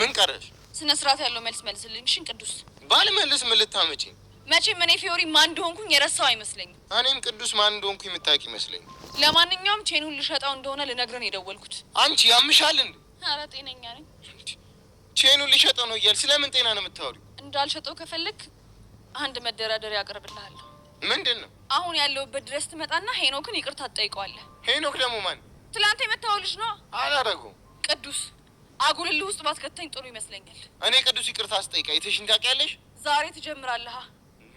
ምን ቀረሽ? ስነ ስርዓት ያለው መልስ መልስልኝ። ሽን ቅዱስ ባልመልስ ምን ልታመጪ? መቼም እኔ ፊዮሪ ማን እንደሆንኩኝ የረሳው አይመስለኝም። እኔም ቅዱስ ማን እንደሆንኩ የምታውቂ ይመስለኝ። ለማንኛውም ቼኑን ልሸጠው እንደሆነ ልነግረን የደወልኩት። አንቺ ያምሻል እንዴ? ኧረ ጤነኛ ነኝ። ቼኑን ልሸጠው ነው እያል ስለምን ጤና ነው የምታወሪው? እንዳልሸጠው ከፈለግ አንድ መደራደሪያ አቅርብልሃለሁ። ምንድን ነው? አሁን ያለውበት ድረስ ትመጣና ሄኖክን ይቅርታ ትጠይቀዋለህ። ሄኖክ ደግሞ ማን? ትላንት የመታው ልጅ ነው። አላረጉ ቅዱስ አጉልልህ ውስጥ ባስከተኝ ጥሩ ይመስለኛል። እኔ ቅዱስ ይቅርታ አስጠይቃ የተሽን ታውቂያለሽ? ዛሬ ትጀምራለህ።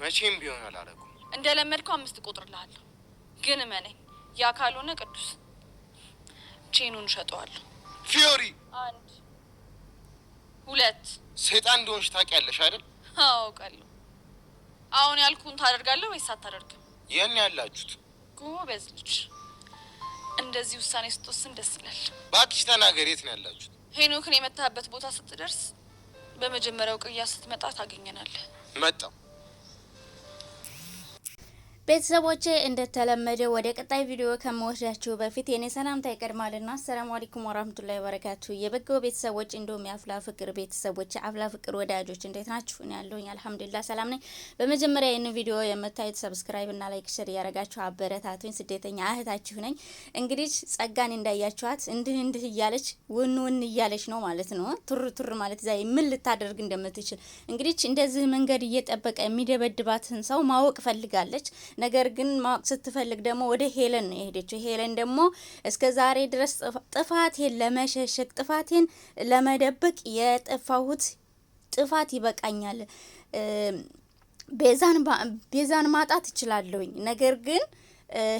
መቼም ቢሆን አላረኩም። እንደ ለመድከው አምስት እቆጥርልሃለሁ፣ ግን እመነኝ፣ ያ ካልሆነ ቅዱስ ቼኑን እሸጠዋለሁ። ፊዮሪ፣ አንድ ሁለት። ሰይጣን እንደሆንሽ ታውቂያለሽ አይደል? አውቃለሁ። አሁን ያልኩን ታደርጋለህ ወይስ አታደርግም? ይህን ያላችሁት ጎበዝ ልጅ፣ እንደዚህ ውሳኔ ስትወስን ደስ ይላል። እባክሽ ተናገር፣ የት ነው ያላችሁት? ሄኖክን የመታህበት ቦታ ስትደርስ በመጀመሪያው ቅያ ስትመጣ ታገኘናል መጣ ቤተሰቦቼ እንደተለመደ ወደ ቀጣይ ቪዲዮ ከመወስዳችሁ በፊት የኔ ሰላምታ ይቀድማልና አሰላሙ አለይኩም ወራህመቱላሂ ወበረካቱ። የበጎ ቤተሰቦች እንዲሁም የአፍላ ፍቅር ቤተሰቦች አፍላ ፍቅር ወዳጆች እንዴት ናችሁ? እኔ ያለሁኝ አልሐምዱሊላህ ሰላም ነኝ። በመጀመሪያ ይህን ቪዲዮ የምታዩት ሰብስክራይብ እና ላይክ ሸር እያደረጋችሁ አበረታቱኝ። ስደተኛ እህታችሁ ነኝ። እንግዲህ ጸጋን እንዳያችኋት እንድህ እንድህ እያለች ውን ውን እያለች ነው ማለት ነው። ቱር ቱር ማለት ዛ ምን ልታደርግ እንደምትችል እንግዲህ እንደዚህ መንገድ እየጠበቀ የሚደበድባትን ሰው ማወቅ ፈልጋለች። ነገር ግን ማወቅ ስትፈልግ ደግሞ ወደ ሄለን ነው የሄደችው። ሄለን ደግሞ እስከ ዛሬ ድረስ ጥፋቴን ለመሸሸግ ጥፋቴን ለመደበቅ የጠፋሁት ጥፋት ይበቃኛል፣ ቤዛን ማጣት እችላለሁኝ ነገር ግን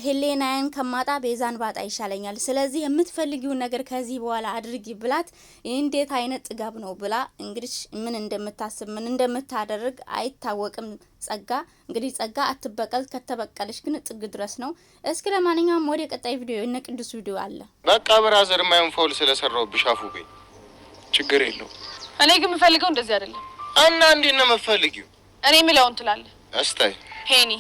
ሄሌናያን ከማጣ ቤዛን ባጣ ይሻለኛል። ስለዚህ የምትፈልጊውን ነገር ከዚህ በኋላ አድርጊ ብላት እንዴት አይነት ጥጋብ ነው ብላ እንግዲህ ምን እንደምታስብ ምን እንደምታደርግ አይታወቅም። ጸጋ እንግዲህ ጸጋ አትበቀል፣ ከተበቀለች ግን ጥግ ድረስ ነው። እስኪ ለማንኛውም ወደ ቀጣይ ቪዲዮ እነ ቅዱስ ቪዲዮ አለ። በቃ ብራዘር ማየን ፎል ስለሰራው ብሻፉ ቤ ችግር የለው። እኔ ግን የምፈልገው እንደዚህ አይደለም። እና እንዴት ነው የምፈልጊው? እኔ የምለውን ትላለ። እስታይ ሄኒ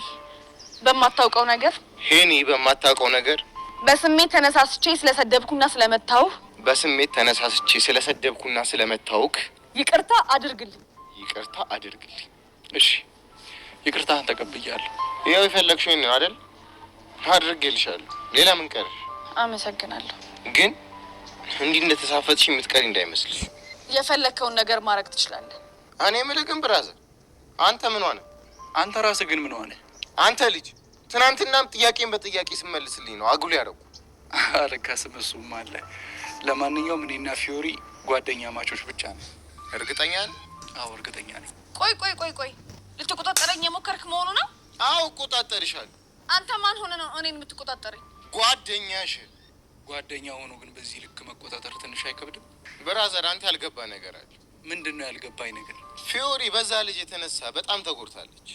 በማታውቀው ነገር ሄኒ በማታውቀው ነገር በስሜት ተነሳስቼ ስለሰደብኩና ስለመታውህ በስሜት ተነሳስቼ ስለሰደብኩና ስለመታውክ ይቅርታ አድርግልኝ። ይቅርታ አድርግልኝ። እሺ ይቅርታ ተቀብያለሁ። ያው የፈለግሽውን ነው አይደል? አድርጌልሻለሁ። ሌላ ምን ቀር? አመሰግናለሁ። ግን እንዲህ እንደተሳፈጥሽ የምትቀሪ እንዳይመስልሽ። የፈለግከውን ነገር ማድረግ ትችላለህ። እኔ የምልህ ግን ብራዘር፣ አንተ ምን ሆነ? አንተ ራስህ ግን ምን ሆነ? አንተ ልጅ ትናንትናም ጥያቄን በጥያቄ ስመልስልኝ ነው አጉል ያደረኩት። አረካስም እሱም አለ። ለማንኛውም እኔና ፊዮሪ ጓደኛ ማቾች ብቻ ነው። እርግጠኛ ነህ? አዎ እርግጠኛ ነኝ። ቆይ ቆይ ቆይ ቆይ ልትቆጣጠረኝ የሞከርክ መሆኑ ነው? አዎ እቆጣጠርሻለሁ። አንተ ማን ሆነ ነው እኔን የምትቆጣጠረኝ? ጓደኛሽ። ጓደኛ ሆኖ ግን በዚህ ልክ መቆጣጠር ትንሽ አይከብድም? ብራዘር አንተ ያልገባ ነገር አለ። ምንድን ነው ያልገባኝ ነገር? ፊዮሪ በዛ ልጅ የተነሳ በጣም ተጎድታለች።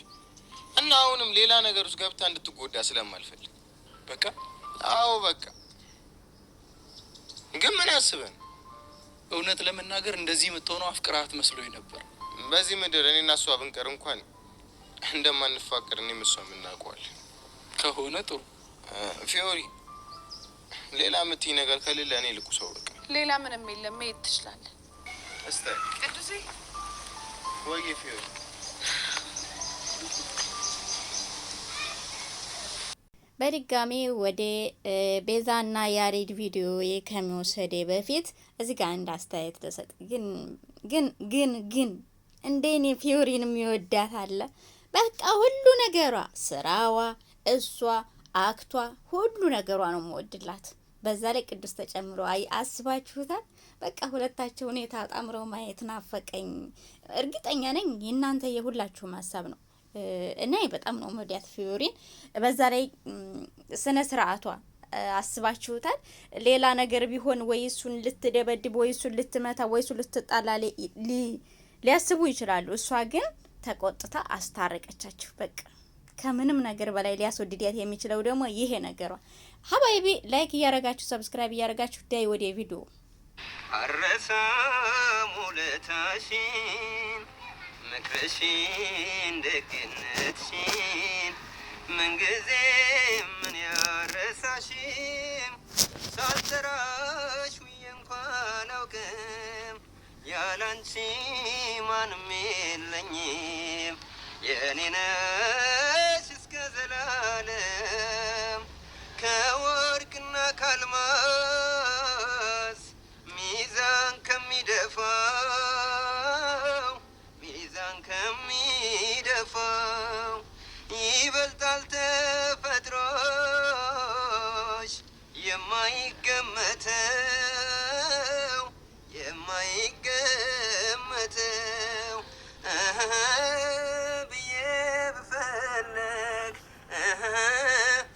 እና አሁንም ሌላ ነገር ውስጥ ገብታ እንድትጎዳ ስለማልፈልግ በቃ አዎ፣ በቃ ግን ምን አስበን እውነት ለመናገር እንደዚህ የምትሆነው አፍቅራት መስሎኝ ነበር። በዚህ ምድር እኔና እሷ ብንቀር እንኳን እንደማንፋቅር እኔም እሷም የምናውቀዋል ከሆነ ጥሩ ፊዮሪ፣ ሌላ የምትይ ነገር ከሌለ እኔ ልቁ ሰው በቃ ሌላ ምንም የለም። መሄድ ትችላለ። እስተ ቅዱሴ ወይ ፊዮሪ በድጋሚ ወደ ቤዛና ያሬድ ቪዲዮ ከሚወሰደ በፊት እዚህ ጋር አንድ አስተያየት ልሰጥ። ግን ግን ግን ግን እንደ ፊዮሪን የሚወዳት አለ። በቃ ሁሉ ነገሯ፣ ስራዋ፣ እሷ አክቷ፣ ሁሉ ነገሯ ነው የምወድላት። በዛ ላይ ቅዱስ ተጨምሮ አይ አስባችሁታል። በቃ ሁለታቸው ሁኔታ አጣምረው ማየት ናፈቀኝ። እርግጠኛ ነኝ የእናንተ የሁላችሁም ሀሳብ ነው። እና በጣም ነው መዲያት ፊዮሪን። በዛ ላይ ስነ ስርዓቷ አስባችሁታል። ሌላ ነገር ቢሆን ወይ እሱን ልትደበድብ፣ ወይ እሱን ልትመታ፣ ወይ እሱን ልትጣላ ሊያስቡ ይችላሉ። እሷ ግን ተቆጥታ አስታረቀቻችሁ። በቃ ከምንም ነገር በላይ ሊያስወድድያት የሚችለው ደግሞ ይሄ ነገሯ። ሀባይቢ ላይክ እያረጋችሁ ሰብስክራይብ እያረጋችሁ ዳይ ወደ ቪዲዮ አረሳ ሙለታሽን ምክርሽን ደግነትሽን ምንጊዜ ምን ያረሳሽም ሳልጠራሽ ውዬ እንኳን አውቅም ያላንቺ ማንም የለኝም የእኔ ነሽ እስከ ዘላለም ከወርቅና ካልማዝ ሚዛን ከሚደፋ ይበልጣል ተፈጥሮች የማይገመተው የማይገመተው ብዬ ብፈልግ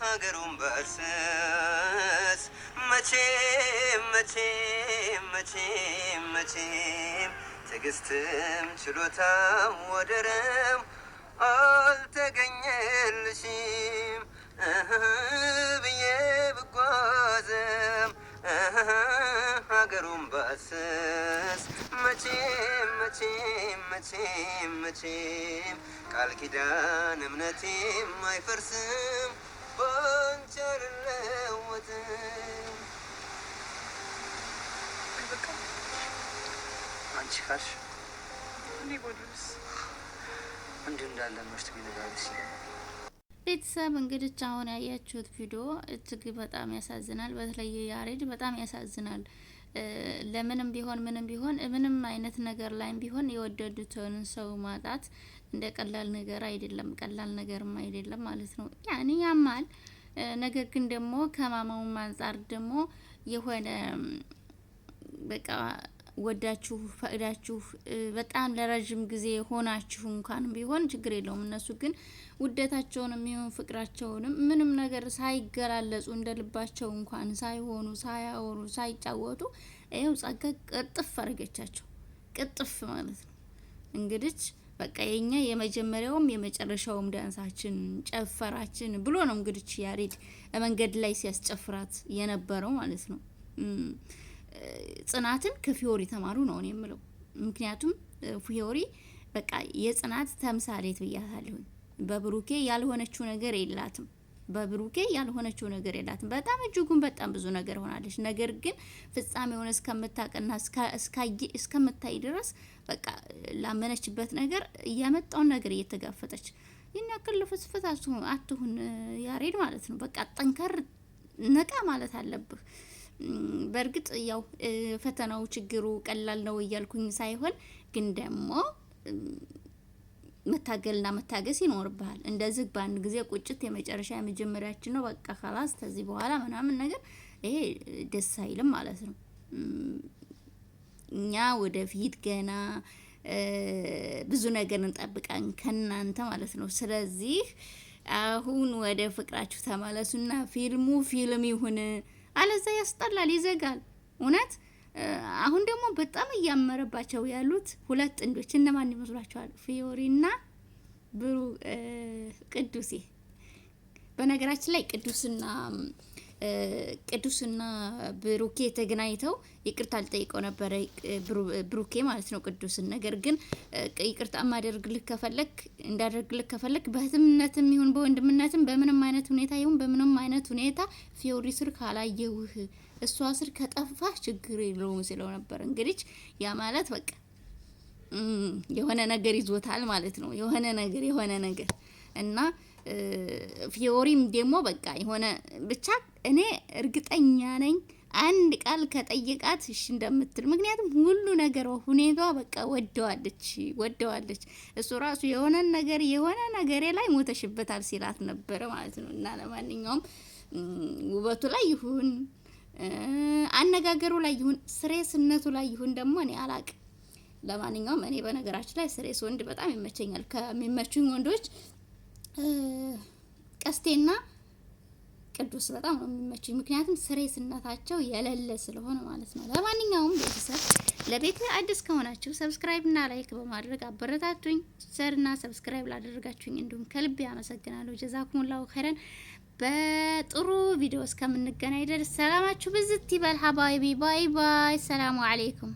ሀገሩን ባልሰስ መቼም መቼም መቼም መቼም ትዕግስትም ችሎታም ወደረም አልተገኘልሽም ብዬ ብጓዘም ሀገሩን ባስስ መቼም መቼም መቼም መቼም ቃል ኪዳን እምነቴም አይፈርስም ባንቺ አልለወጥም። አንቺ ካልሽ እኔ ጎድሎስ እንዳለ ቤተሰብ እንግዲህ አሁን ያያችሁት ቪዲዮ እጅግ በጣም ያሳዝናል። በተለይ ያሬድ በጣም ያሳዝናል። ለምንም ቢሆን ምንም ቢሆን ምንም አይነት ነገር ላይም ቢሆን የወደዱትን ሰው ማጣት እንደ ቀላል ነገር አይደለም፣ ቀላል ነገርም አይደለም ማለት ነው። ያኔ ያማል። ነገር ግን ደግሞ ከማማውም አንጻር ደግሞ የሆነ በቃ ወዳችሁ ፈቅዳችሁ በጣም ለረዥም ጊዜ ሆናችሁ እንኳን ቢሆን ችግር የለውም። እነሱ ግን ውደታቸውንም ይሁን ፍቅራቸውንም ምንም ነገር ሳይገላለጹ እንደ ልባቸው እንኳን ሳይሆኑ ሳያወሩ ሳይጫወቱ ይኸው ጸጋ ቅጥፍ አድርገቻቸው ቅጥፍ ማለት ነው። እንግዲች በቃ የኛ የመጀመሪያውም የመጨረሻውም ዳንሳችን ጨፈራችን ብሎ ነው እንግዲች ያሬድ መንገድ ላይ ሲያስጨፍራት የነበረው ማለት ነው። ጽናትን ከፊዮሪ ተማሩ ነው እኔ የምለው። ምክንያቱም ፊዮሪ በቃ የጽናት ተምሳሌት ብያታለሁኝ። በብሩኬ ያልሆነችው ነገር የላትም። በብሩኬ ያልሆነችው ነገር የላትም። በጣም እጅጉን በጣም ብዙ ነገር ሆናለች። ነገር ግን ፍጻሜ ፍጻሜውን እስከምታቅና እስከምታይ ድረስ በቃ ላመነችበት ነገር እያመጣውን ነገር እየተጋፈጠች ይህን ያክል ልፍስፍት አትሁን ያሬድ ማለት ነው። በቃ ጠንከር ነቃ ማለት አለብህ። በእርግጥ ያው ፈተናው ችግሩ ቀላል ነው እያልኩኝ ሳይሆን ግን ደግሞ መታገልና መታገስ ይኖርብሃል። እንደዚህ በአንድ ጊዜ ቁጭት የመጨረሻ የመጀመሪያችን ነው በቃ ካላስ ከዚህ በኋላ ምናምን ነገር ይሄ ደስ አይልም ማለት ነው። እኛ ወደፊት ገና ብዙ ነገር እንጠብቃን ከናንተ ማለት ነው። ስለዚህ አሁን ወደ ፍቅራችሁ ተመለሱና ፊልሙ ፊልም ይሁን አለዛ ያስጠላል፣ ይዘጋል። እውነት አሁን ደግሞ በጣም እያመረባቸው ያሉት ሁለት ጥንዶች እነማን ይመስሏቸዋል? ፊዮሪና ብሩ ቅዱሴ። በነገራችን ላይ ቅዱስና ቅዱስና ብሩኬ ተገናኝተው ይቅርታ ልጠይቀው ነበረ፣ ብሩኬ ማለት ነው ቅዱስን። ነገር ግን ይቅርታ ማደርግልህ ከፈለክ እንዳደርግልህ ከፈለክ በህትምነትም ይሁን በወንድምነትም በምንም አይነት ሁኔታ ይሁን በምንም አይነት ሁኔታ ፊዮሪ ስር ካላየውህ እሷ ስር ከጠፋ ችግር የለውም ስለው ነበር። እንግዲህ ያ ማለት በቃ የሆነ ነገር ይዞታል ማለት ነው። የሆነ ነገር የሆነ ነገር እና ፊዮሪም ደግሞ በቃ የሆነ ብቻ እኔ እርግጠኛ ነኝ አንድ ቃል ከጠየቃት እሺ እንደምትል። ምክንያቱም ሁሉ ነገር ሁኔታዋ በቃ ወደዋለች ወደዋለች። እሱ ራሱ የሆነ ነገር የሆነ ነገሬ ላይ ሞተሽበታል ሲላት ነበረ ማለት ነው። እና ለማንኛውም ውበቱ ላይ ይሁን አነጋገሩ ላይ ይሁን ስሬስነቱ ላይ ይሁን ደግሞ እኔ አላቅ። ለማንኛውም እኔ በነገራችን ላይ ስሬስ ወንድ በጣም ይመቸኛል ከሚመቹኝ ወንዶች ቀስቴና ቅዱስ በጣም ነው የሚመቸኝ፣ ምክንያቱም ስሬስነታቸው የለለ ስለሆነ ማለት ነው። ለማንኛውም ቤተሰብ ለቤት አዲስ ከሆናችሁ ሰብስክራይብ እና ላይክ በማድረግ አበረታቱኝ። እና ሰብስክራይብ ላደረጋችሁኝ እንዲሁም ከልብ ያመሰግናለሁ። ጀዛኩሙላሁ ኸይረን። በጥሩ ቪዲዮ እስከምንገናኝ ድረስ ሰላማችሁ ብዝት ይበል። ሀባይቢ ባይ ባይ። ሰላሙ አሌይኩም